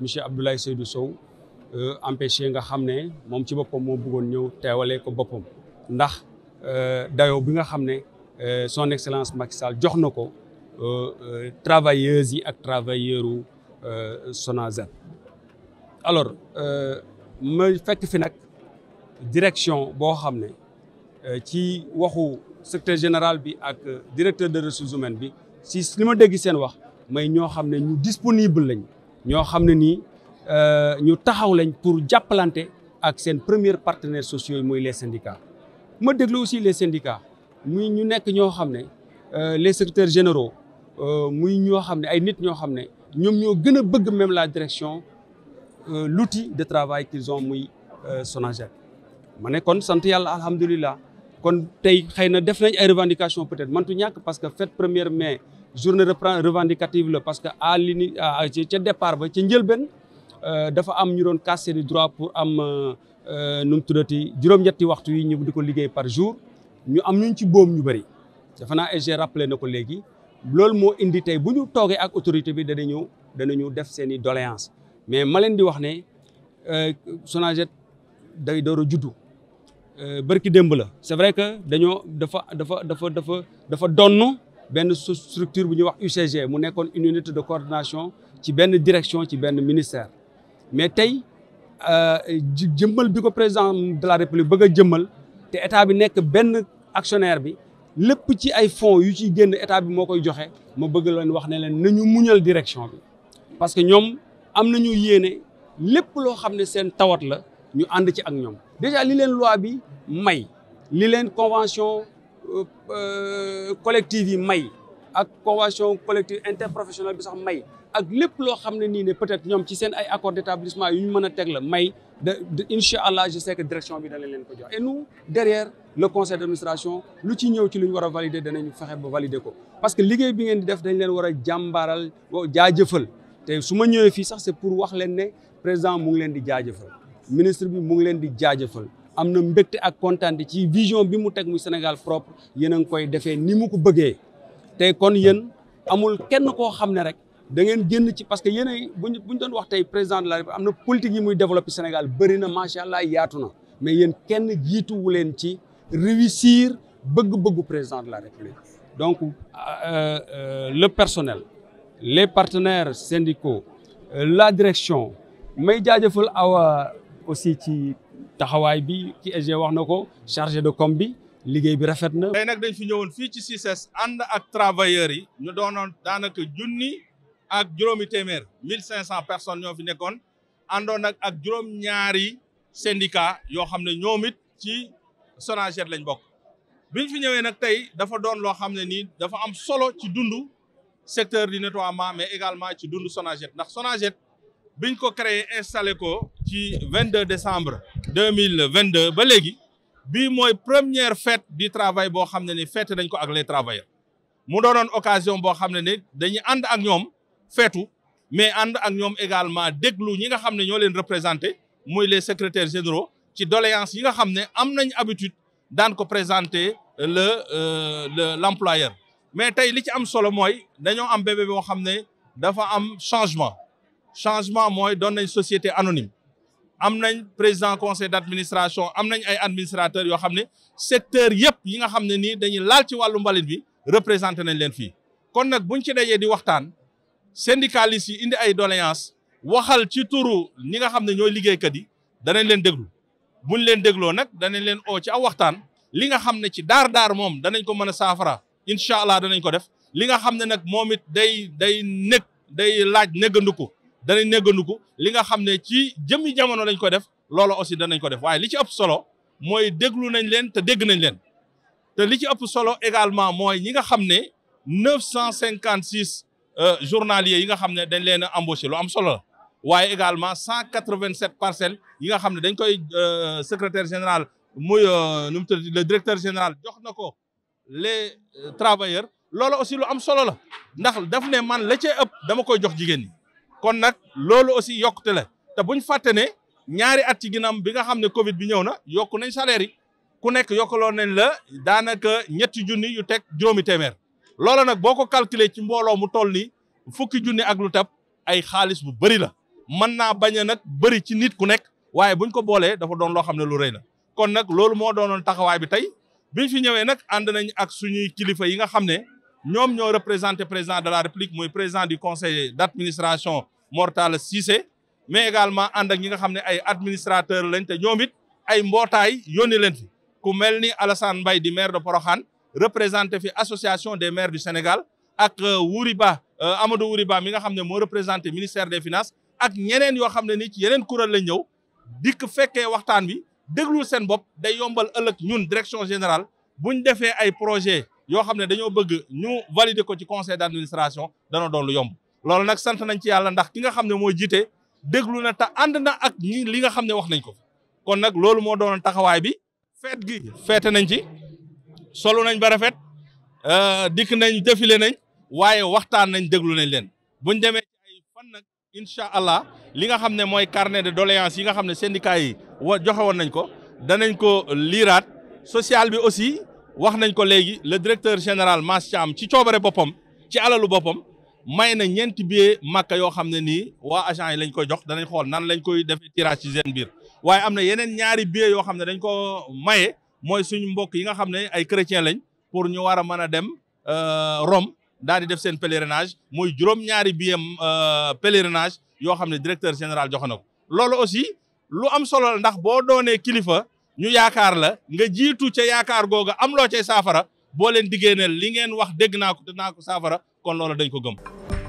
monsieur Abdoulaye Seydou Sow euh, empêché nga xam ne moom ci boppam moo buggoon ñëw teewalee ko boppam ndax euh, dayo bi nga xam ne euh, son excellence Macky Sall jox na ko travailleuses yi ak travailleurs u Sonatel alors ma fekk fi nag direction boo xam ne ci waxu secrétaire général bi ak euh, directeur des ressources humaines bi si li ma déggi seen wax may ñoo xam ne ñu disponible lañ ñoo xam ne nii euh, ñu taxaw lañ pour jàppalante ak seen premier partenaire sociaux yi mooy les syndicats ma déglu aussi les syndicats muy ñu nekk ñoo xam ne euh, les secrétaires généraux muy ñoo xam ne ay nit ñoo xam ne ñoom ñoo gën a bëgg même la direction luti de travail qu'ils ont muy Sonaged ma ne kon sant yàlla alhamdulilah kon tey xëy na def nañ ay revendication peut-être mantu ñàkk parce que fête première mai journée revendicative la parce que à l'ini ca départ ba ca njëlbeen euh, dafa am ñu doon casse seeni droit pour am euh, euh, nu mu tuddati juróom-ñetti waxtu yi ñu di ko liggéey par jour ñu am ñu ci boom ñu bëri dafa naa et j'ai na ko léegi loolu moo indi tey bu ñu toogee ak autorité bi danañu danañu def seeni i doléance mais ma leen di wax ne Sonaged day door a juddu Euh, bërki démb la c'est vrai que dañoo dafa dafa dafa dafa dafa donn benn structure bu ñuy wax UCG mu nekkoon une unité de coordination ci benn direction ci benn ministère mais tey euh, jëmmal bi ko président de la république bëgg a jëmmal te état bi nekk benn actionnaire bi lépp ci ay fonds yu ciy génn état bi moo koy joxe ma bëgg leen wax ne leen nañu muñal direction bi parce que ñoom am na ñu yéene lépp loo xam ne seen tawat la ñu ànd ci ak ñoom déjà li leen loi bi may li leen convention euh, euh, collective yi may ak convention collective interprofessionnelle bi sax may ak lépp loo xam ne nii ne peut-être ñoom ci seen ay accord d'établissement yu ñu mën a teg la may de incha allah je sais que direction bi dalee leen ko jox et nous derrière le conseil d'administration lu ci ñëw ci lu ñu war a valider danañu fexe ba valider ko parce que liggéey bi ngeen di def dañ leen war a jàmbaaral jaajëfal te su ma ñëwee fii sax c'est pour wax leen ne président mu ngi leen di jaajëfal ministre bi mu ngi leen di jaajëfal am na mbégte ak kontaan ci vision bi mu teg muy Sénégal propre yéen a ngi koy defee ni mu ko bëggee tey kon yéen amul kenn koo xam ne rek da ngeen génn ci parce que yéen bu ñu bu doon wax tey président de la République am na politique yi muy développé Sénégal bëri na macha allah yaatu na mais yéen kenn jiituwu leen ci réussir bëgg-bëggu président de la République donc euh, euh, le personnel les partenaires syndicaux euh, la direction may jaajëfal aussi ci taxawaay bi ci EG wax na ko chargé de comme bi liggéey bi rafet na. tey nag dañ fi ñëwoon fii ci CICES ànd ak travailleurs yi ñu doonoon daanaka junni ak juróomi téeméer mille cinq cent personnes ñoo fi nekkoon àndoon nag ak juróom-ñaari syndicat yoo xam ne ñoom it ci Sonaged lañ bokk. biñ fi ñëwee nag tey dafa doon loo xam ne nii dafa am solo ci dund secteur du nettoiement mais également ci dundu Sonaged ndax Sonaged. biñ ko créé installé ko ci vingt 22 décembre 2022 ba léegi bii mooy première fête du travail boo xam ne ni fête dañ ko ak les travailleurs mu doonoon occasion boo xam ne ni dañuy ànd ak ñoom feetu mais ànd ak ñoom également déglu ñi nga xam ne ñoo leen représenté muy les secrétaires généraux ci doléances yi nga xam ne am nañ habitude daan ko présenter le euh, le l'employeur mais tey li ci am solo mooy dañoo am bébé boo xam ne dafa am changement changement mooy doon nañ société anonyme am nañ président conseil d'administration am nañ ay administrateurs yoo xam ne secteur yëpp yi nga xam ne nii dañuy laal ci wàllu mbalit bi représenté nañ leen fii kon nag buñ ci dajee di waxtaan syndicalistes yi indi ay doléances waxal ci turu ñi nga xam ne ñooy liggéeykat yi danañ leen déglu buñ leen dégloo nag danañ leen oo ci aw waxtaan li nga xam ne ci daar daar moom danañ ko mën a saafara incha allah danañ ko def li nga xam ne nag moom it day day nekk day laaj néggandiku danañ néggandiku li nga xam ne ci jëmmi jamono lañ ko def loola aussi danañ ko def waaye li ci ëpp solo mooy déglu nañ leen te dégg nañ leen te li ci ëpp solo également mooy ñi nga xam ne neuf cent cinquante six euh, journaliers yi nga xam ne dañ leen a embauché lu am solo la waaye également cent quatre vingt parcelles yi nga xam ne dañ koy euh, secretaire général muy euh, nu mu tudd le directeur général jox na ko le travailleurs loola aussi lu am solo la ndax daf ne man la cee ëpp dama koy jox jigéen ñi kon nag loolu aussi yokkute la te buñ fàtte ne ñaari at ci ginnaaw bi nga xam ne Covid bi ñëw na yokku nañ salaire ku nekk yokkaloon nañ la daanaka ñetti junni yu teg juróomi téeméer loolo nag boo ko calculer ci mbooloo mu toll ni fukki junni ak lu tab ay xaalis bu bëri la mën naa bañ a nag bëri ci nit ku nekk waaye buñ ko boolee dafa doon loo xam ne lu rey na kon nag loolu moo doonoon taxawaay bi tey biñ fi ñëwee nag ànd nañ ak suñuy kilifa yi nga xam ne ñoom ñoo représenté président de la république mooy président du conseil d' administration Mortalla Cissé mais également ànd ak ñi nga xam ne ay administrateur lañ te ñoom it ay mbootaay yónni leen ku mel ni Alassane mbay di maire de Porokhane représenté fi association des maires du Sénégal ak euh, Wuriba euh, Amadou Wuriba mi nga xam ne moo représenté ministère des finances ak ñeneen yoo xam ne ni ci yeneen kuréel lañ ñëw dikk fekkee waxtaan bi déglul seen bopp day yombal ëllëg ñun direction générale buñ defee ay projet yoo xam ne dañoo bëgg ñu valider ko ci conseil d'administration dana doon lu yomb loolu nag sant nañ ci yàlla ndax ki nga xam ne mooy jiite déglu na ta ànd na ak ñi li nga xam ne wax nañ ko kon nag loolu moo doonoon taxawaay bi feet gi feete nañ ci solo nañ ba rafet euh, dikk nañ défilé nañ waaye waxtaan nañ déglu nañ leen buñ demee ci ay fan nag incha allah li nga xam ne mooy carnet de doléance yi nga xam ne syndicat yi wa joxe woon nañ ko danañ ko liiraat social bi aussi wax nañ ko léegi le directeur général Mass Thiam ci coobare boppam ci alalu boppam may na ñeenti billets Makka yoo xam ne nii waa agent yi lañ ko jox danañ xool nan lañ koy def tirage ci seen biir waaye am na yeneen ñaari billets yoo xam ne dañ ko maye mooy suñu mbokk yi nga xam ne ay chrétien lañ pour ñu war a mën a dem euh, Rome daal di def seen pèlerinage muy juróom-ñaari billets euh, pèlerinage yoo xam ne directeur général joxe na ko aussi lu am solo ndax boo doonee kilifa ñu yaakaar la nga jiitu ca yaakaar googa am loo cay saafara boo leen diggéeneel li ngeen wax dégg naa ko te ko saafara kon loola dañ ko gëm